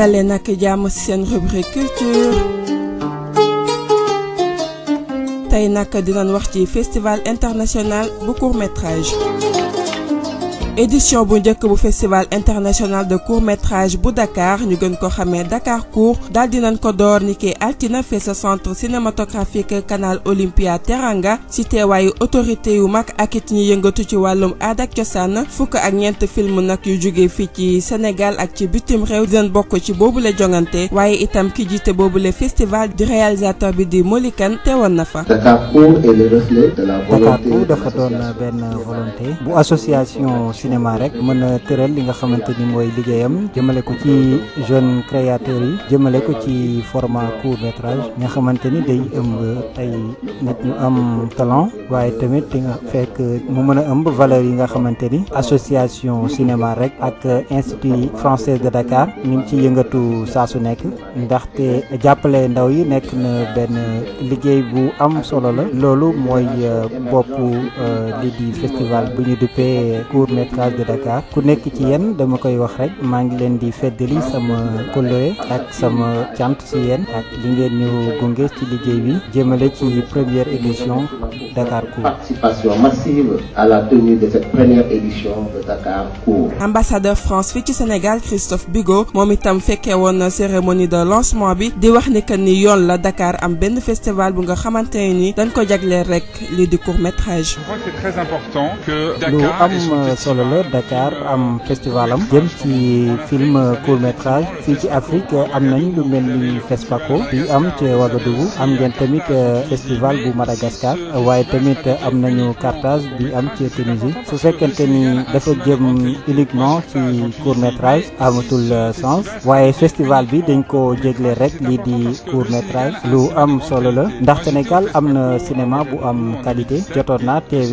dalee nag jàmm ci seen rubrique culture tey nag dinañ wax ci festival international bu court métrage édition bu festival international de court métrage bu Dakar ñu gën ko Dakar Court daal nañ ko altina fes centre cinématographique canal Olympia Teranga cité teewaayu autorité yu mag ak it ñi yëngatu ci wàllum fukk ak film nag yu ci Sénégal ak ci bitim réew jongante waaye itam ki jiite festival du réalisateur bi di molikan Dakar volonté bu association cinéma rek mëna a li nga moy liggéeyam ko ci jeune créateurs yi ko ci format court métrage nga a day ëmb ay ñu am talent waaye tamit nga fekk mu mëna ëmb valeur yi nga association cinéma rek ak institut français de Dakar ñu ci yëngatu saa su nekk ndaxte jàppale ndaw yi nekk na benn liggéey bu am solo la euh, di festival bu ñu court de Dakar ku nekk ci yéen dama koy wax rek maa ngi leen di feddali sama kóllëre ak sama cant si yéen ak li ngeen ñu gunge ci liggéey bi ci première édition Dakar Court. Participation massive à la tenue de cette première édition de Dakar Court. Ambassadeur France fii Sénégal Christophe Bigot moom itam fekkee cérémonie de lancement bi di wax ni que ni la Dakar am benn festival bu nga xamante ne ni dañ ko rek lii di court métrage. Je crois que c'est très important que Dakar jàll la Dakar am festival am jëm ci film court métrage fii ci Afrique am nañ lu mel ni FESPACO bi am ci Ouagadougou am ngeen tamit euh, festival bu Madagascar waaye tamit am nañu Carthage bi am ci Tunisie su fekkente ni dafa jëm uniquement ci court métrage amatul euh, sens waaye festival bi dañ ko jégle rek lii di court métrage lu am solo la ndax Sénégal am na cinéma bu am qualité jotoon naa TV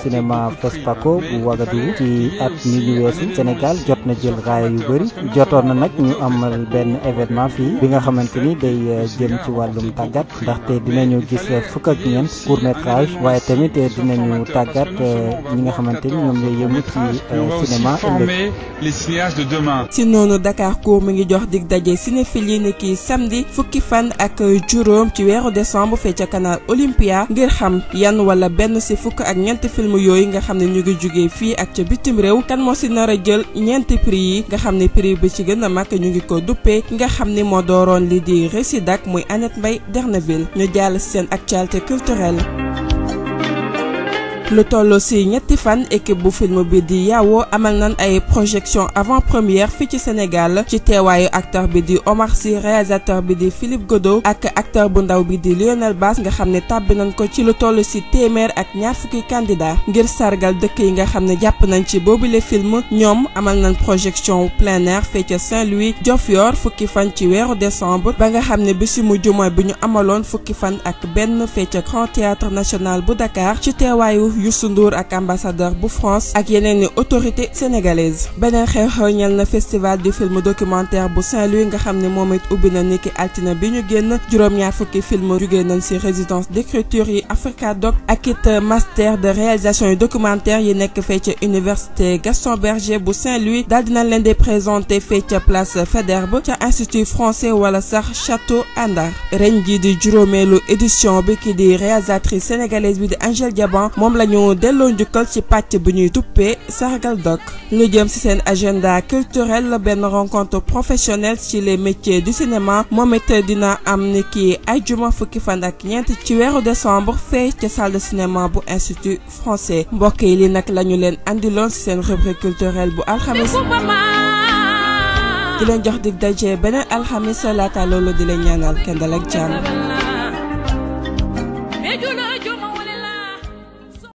cinéma FESPACO bu Ouagadougou ci at ni ñu weesu Sénégal jot na jël raay yu bari jotoon na nag ñu amal ben événement fi bi nga xamanteni day euh, jëm ci walum tagat ndax té dinañu gis euh, fuk ak ñeent court métrage waye tamit euh, dinañu tagat ñi nga xamanteni ñom lay yëmu ci cinéma les cinéastes de demain ci noonu Dakar ko mi ngi jox dig dajé cinéphile ni ki samedi fukki fan ak juróom ci weeru décembre fé ci canal Olympia ngir xam yan wala ben ci fuk ak ñent film yoy nga xam ñu ngi juggé fi ak ci bitim réew kan moo si nar a jël ñeenti prix yi nga xam ne prix bi ci gën a mag ñu ngi ko duppee ki nga xam ni moo dooroon li di Résidac muy Annette Mbaye Derneville ñu jàll seen actualité culturelle Le toll ci ñetti fan équipe bu film bi di Yawo amal nan ay projection avant première fi ci Sénégal ci téwayu acteur bi di Omar Sy réalisateur bi di Philippe Godot ak acteur bu ndaw bi di Lionel Bass nga xamné tabbi tàbbi nañ ko ci lu toll ci téeméer ak ñaar fukki candidat ngir sargal dëkk yi nga xamné japp nañ ci le film ñom amal nañ projection plein air fi ci Saint-Louis Diofior fukki fan ci wéru décembre ba nga xamné ne bisu bi ñu amalon fukki fan ak benn fii ci Grand Théâtre National bu Dakar ci téwayu Youssou Ndour ak ambassadeur bu France ak yeneen i autorité beneen xew-xew ñel na festival du film documentaire bu Saint-Louis nga xam ne moom it ubbi na niki altina bi ñu génn juróom-ñaar fukki film jugee nañ ci résidence d'écriture yi Africadoc ak it master de réalisation yu documentaire yi nekk fee ca université Gaston Berger bu Saint-Louis daal dinañ leen di présenté fee ca place Faidherbe ca institut français wala sax château Andar ren jii di juróomeelu édition bi ki di réalisatrice sénégalaise daañu delloo njukkal ci pàcc bu ñuy tuppee sargal dok lu jëm ci seen agenda culturel la benn rencontre professionnel ci les métiers du cinéma moom it dina am ni ki ajjuma fukki fan ak ñeent ci weeru décembre fee ca salle de bu institut français mbokk yi li nag lañu leen andiloon ci seen rubrique culturelle bu alxames di leen jox dig daje beneen alxames laata loolu di leen ñaanal kenn dal ak jàmm